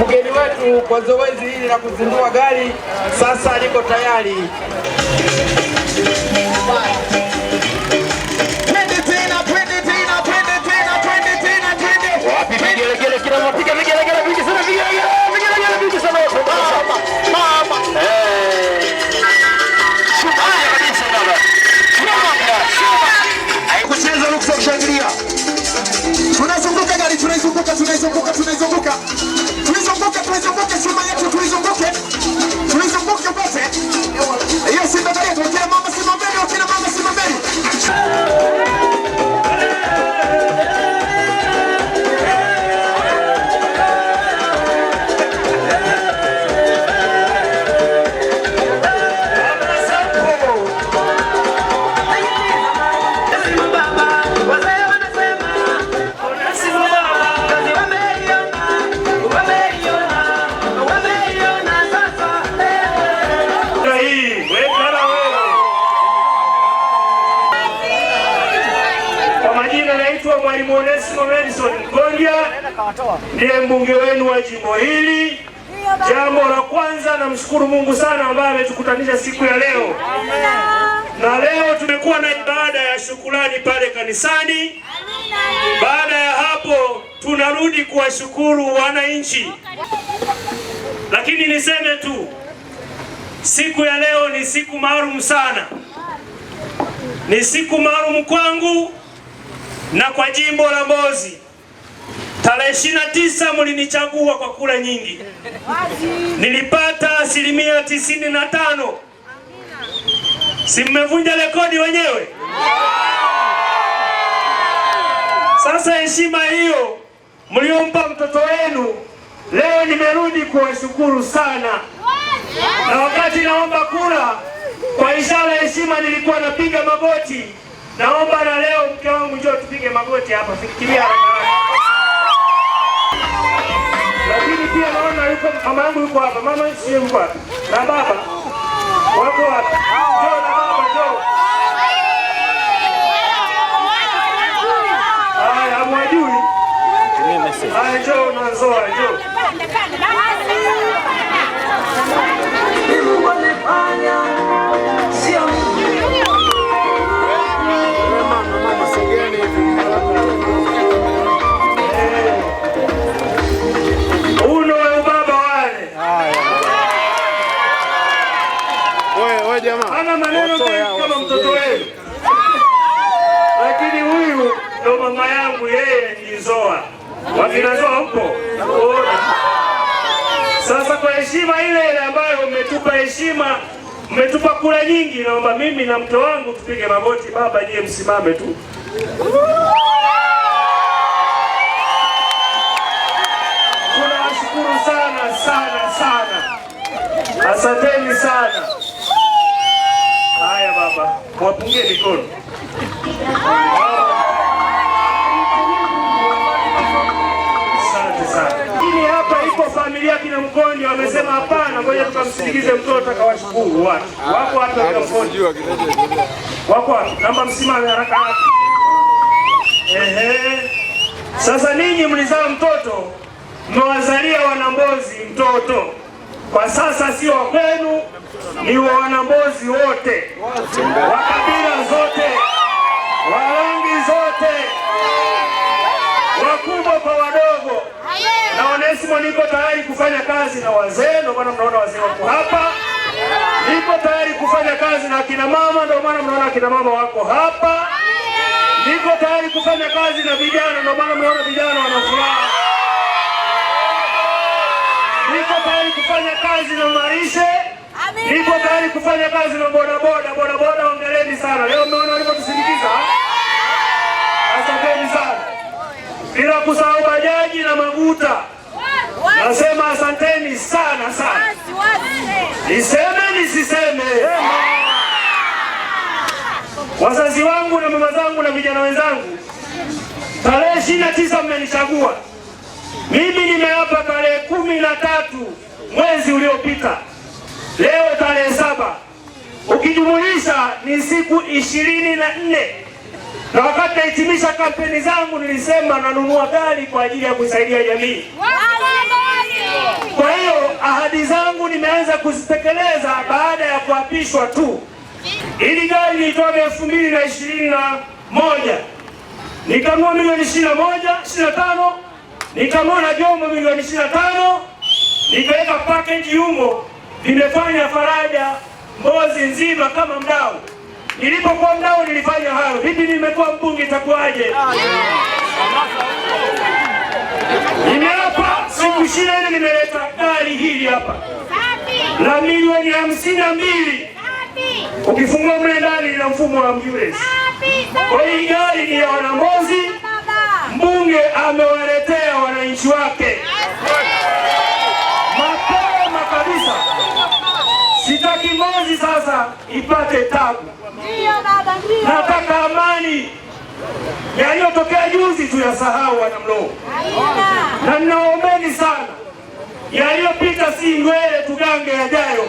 mgeni wetu kwa zoezi hili la kuzindua gari, sasa liko tayari. Tunaizunguka gari, tunaizunguka, tunaizunguka, tunaizunguka majina naitwa Mwalimu Onesimo Nelson Mgonja, ndiye mbunge wenu wa jimbo hili. Jambo la kwanza, namshukuru Mungu sana ambaye ametukutanisha siku ya leo, na leo tumekuwa na ibada ya shukurani pale kanisani. Baada ya hapo, tunarudi kuwashukuru wananchi, lakini niseme tu siku ya leo ni siku maalum sana, ni siku maalum kwangu na kwa jimbo la Mbozi tarehe 29 mlinichagua kwa kura nyingi, nilipata asilimia tisini na tano. Si mmevunja rekodi wenyewe? Sasa heshima hiyo mliompa mtoto wenu leo nimerudi kuwashukuru sana, na wakati naomba kura kwa ishara heshima nilikuwa napiga magoti. Naomba na leo mke wangu njoo tupige magoti hapa, fikiria lakini pia naona yuko mama yangu yuko hapa, mama si yuko hapa na baba wako hapa, njoo na baba njoo. Haya, hamwajui? Haya, njoo na njoo ana maneno mengi kama mtoto wenu, lakini huyu ndo mama yangu, yeye ni Nzoa wakinazoa huko. Sasa kwa heshima ile ile ambayo mmetupa heshima, mmetupa kura nyingi, naomba mimi na mke wangu tupige magoti. Baba nyie msimame tu tunawashukuru sana sana sana, asanteni sana hapa, wapungie mikono Lakini hapa ipo familia kina Mkondi wamesema hapana, ngoja tukamsindikize mtoto akawashukuru watu. Wako watu wa Mkondi. Wako watu. namba msimame haraka haraka. Ehe. Sasa ninyi mlizaa mtoto, mmewazalia wanambozi mtoto kwa sasa sio wa kwenu, ni wa wanambozi wote wa kabila zote wa rangi zote, wakubwa kwa wadogo. Na Onesimo, niko tayari kufanya kazi na wazee, ndio maana mnaona wazee wako hapa. Niko tayari kufanya kazi na akina mama, ndio maana mnaona kina mama wako hapa. Niko tayari kufanya kazi na vijana, ndio maana mnaona vijana wanafuraha niko tayari kufanya kazi na marishe, niko tayari kufanya kazi na bodaboda. Bodaboda ongeleni sana leo, mmeona tusindikiza. asanteni sana, bila kusahau bajaji na maguta. Nasema asanteni sana sana, niseme nisiseme wazazi wangu na mama zangu na vijana wenzangu, tarehe ishirini na tisa mmenichagua mimi nimeapa tarehe kumi na tatu mwezi uliopita, leo tarehe saba, ukijumulisha ni siku ishirini na nne na wakati nahitimisha kampeni zangu nilisema nanunua gari kwa ajili ya kuisaidia jamii. Kwa hiyo ahadi zangu nimeanza kuzitekeleza baada ya kuapishwa tu. Ili gari nilitoa elfu mbili na ishirini na moja nikanunua milioni ishirini na moja ishirini na tano na jomo milioni ishirini na tano nikaweka pakeji humo, vimefanya faraja Mbozi nzima kama mdau. Nilipokuwa mdau nilifanya hayo, vipi nimekuwa mbunge itakuwaje? Nimeapa siku ishirini nimeleta gari hili hapa la milioni hamsini na mbili ukifungua mle ndani na mfumo wa ambulance. Kwa hii gari ni ya Wanambozi, mbunge amewaletea wananchi wake mapema kabisa. Sitaki Mbozi sasa ipate tabu, nataka amani. Yaliyotokea juzi tuyasahau, wanamloo, na ninaombeni sana, yaliyopita si ngwele, tugange yajayo.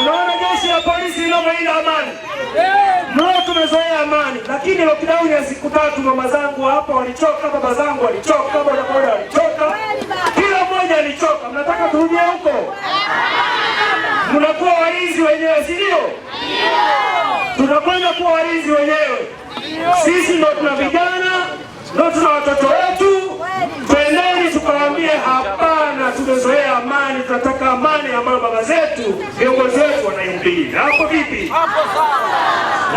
Unaona jeshi la polisi linavyolinda amani amani, lakini lockdown ya siku tatu, mama zangu hapa walichoka, baba zangu walichoka, bodaboda walichoka, kila mmoja alichoka. Mnataka turudie huko? Mnakuwa walinzi wenyewe, si ndio? Tunakwenda kuwa walinzi wenyewe. Sisi ndo tuna vijana, ndo tuna watoto wetu. Twendeni tukawaambie hapana, tumezoea amani, tunataka amani ambayo baba zetu viongozi wetu wanaihubiri. Hapo vipi? Hapo sawa.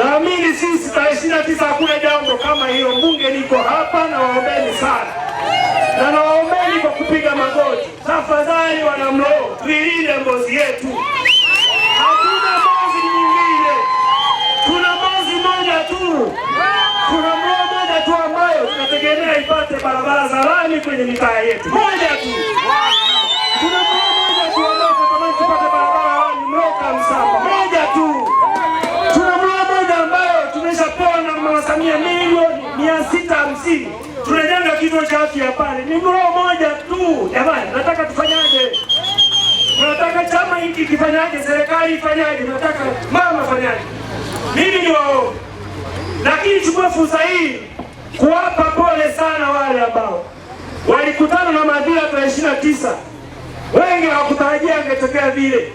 Naamini sisi tarehe ishirini na tisa hakuna jambo kama hiyo. Bunge liko hapa na waombeni sana na nawaombeni kwa kupiga magoti. Tafadhali wanamloo Mlowo, tuilinde mbozi yetu. Hakuna mbozi nyingine, tuna mbozi moja tu, tuna Mlowo moja tu ambayo tunategemea ipate barabara za lami kwenye mitaa yetu, moja tu. na moja tu. Tuna mradi ambayo tumeshapewa na Mama Samia milioni mia sita hamsini tunajenga kituo cha afya pale, ni mradi moja tu. Jamani, nataka tufanyaje? nataka chama hiki kifanyaje? Serikali ifanyaje? Nataka mama fanyaje? Mimi ni waombe, lakini chukua fursa hii kuwapa pole sana wale ambao walikutana na madhila tarehe ishirini na tisa. Wengi hawakutarajia angetokea vile.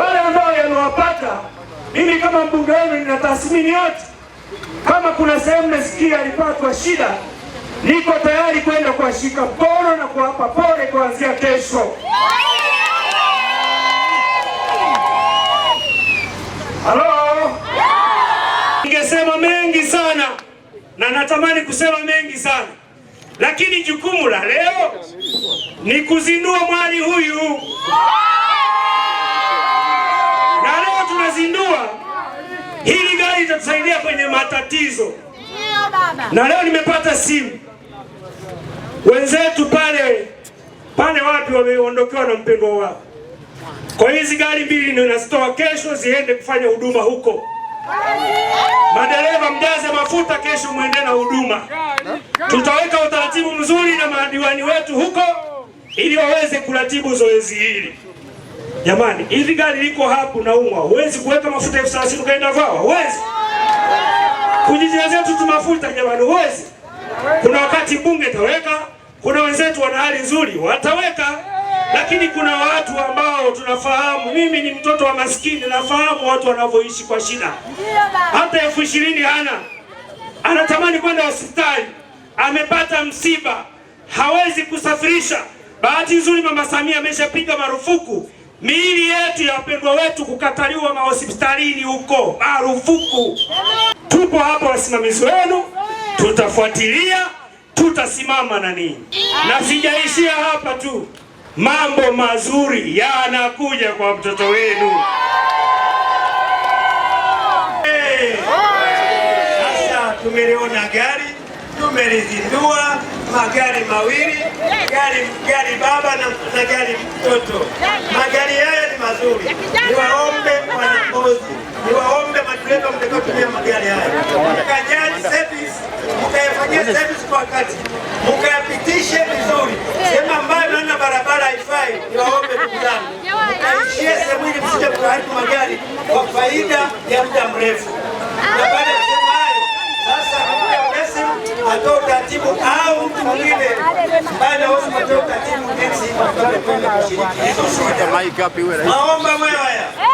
Wale ambao yanawapata, mimi kama mbunge wenu nina tathmini yote. Kama kuna sehemu nasikia alipatwa shida, niko tayari kwenda kuwashika mkono na kuwapa pole kuanzia kesho. Halo, ningesema mengi sana na natamani kusema mengi sana, lakini jukumu la leo ni kuzindua mwali huyu, na leo tunazindua hili gari, itatusaidia kwenye matatizo. Na leo nimepata simu wenzetu pale pale, wapi wameondokewa na mpendwa wao. Kwa hizi gari mbili ndio nazitoa kesho ziende kufanya huduma huko. Madereva mjaze mafuta, kesho muende na huduma. Tutaweka utaratibu mzuri na madiwani wetu huko ili waweze kuratibu zoezi hili. Jamani, hivi gari liko hapo na umwa, huwezi kuweka mafuta elfu thelathini ukaenda vawa, huwezi kujijazia tu mafuta jamani, huwezi. Kuna wakati bunge taweka, kuna wenzetu wana hali nzuri wataweka, lakini kuna watu ambao tunafahamu. Mimi ni mtoto wa maskini, nafahamu watu wanavyoishi kwa shida. Hata elfu ishirini hana, anatamani kwenda hospitali, amepata msiba, hawezi kusafirisha Bahati nzuri Mama Samia ameshapiga marufuku miili yetu ya wapendwa wetu kukataliwa mahospitalini huko, marufuku. Tupo hapa wasimamizi wenu, tutafuatilia, tutasimama na nini na sijaishia hapa tu. Mambo mazuri yanakuja kwa mtoto wenu. Sasa hey, tumeliona gari tumelizindua magari mawili, gari gari baba na, na gari mtoto. Magari haya ni mazuri, niwaombe wanagozi, niwaombe madereva mtakaotumia magari haya mkajali service, mkayafanyia service kwa wakati, mkayapitishe vizuri, sehemu ambayo naona barabara haifai ficar a pior